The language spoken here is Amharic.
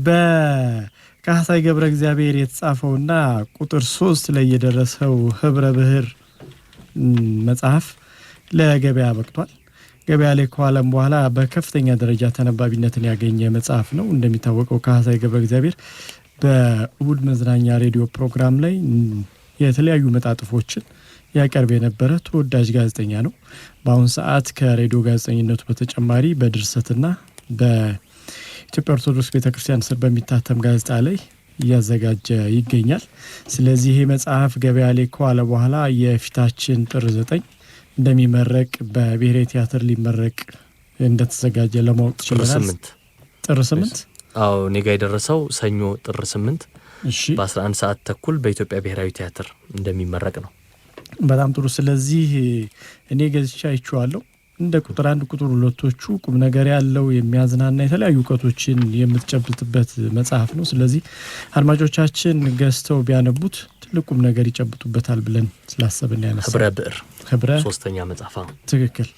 በካህሳይ ገብረ እግዚአብሔር የተጻፈውና ቁጥር ሶስት ላይ የደረሰው ህብረ ብህር መጽሐፍ ለገበያ በቅቷል። ገበያ ላይ ከዋለም በኋላ በከፍተኛ ደረጃ ተነባቢነትን ያገኘ መጽሐፍ ነው። እንደሚታወቀው ካህሳይ ገብረ እግዚአብሔር በእሁድ መዝናኛ ሬዲዮ ፕሮግራም ላይ የተለያዩ መጣጥፎችን ያቀርብ የነበረ ተወዳጅ ጋዜጠኛ ነው። በአሁን ሰዓት ከሬዲዮ ጋዜጠኝነቱ በተጨማሪ በድርሰትና በኢትዮጵያ ኦርቶዶክስ ቤተክርስቲያን ስር በሚታተም ጋዜጣ ላይ እያዘጋጀ ይገኛል። ስለዚህ ይህ መጽሐፍ ገበያ ላይ ከዋለ በኋላ የፊታችን ጥር ዘጠኝ እንደሚመረቅ በብሔራዊ ቲያትር ሊመረቅ እንደተዘጋጀ ለማወቅ ችለናል። ጥር ስምንት አዎ ኔጋ የደረሰው ሰኞ ጥር ስምንት በ11 ሰዓት ተኩል በኢትዮጵያ ብሔራዊ ቲያትር እንደሚመረቅ ነው። በጣም ጥሩ። ስለዚህ እኔ ገዝቼ አይቼዋለሁ። እንደ ቁጥር አንድ ቁጥር ሁለቶቹ ቁም ነገር ያለው የሚያዝናና የተለያዩ እውቀቶችን የምትጨብጥበት መጽሐፍ ነው። ስለዚህ አድማጮቻችን ገዝተው ቢያነቡት ትልቅ ቁም ነገር ይጨብጡበታል ብለን ስላሰብን ያነሳ ህብረ ብዕር ህብረ ሶስተኛ መጽሐፍ ነው። ትክክል።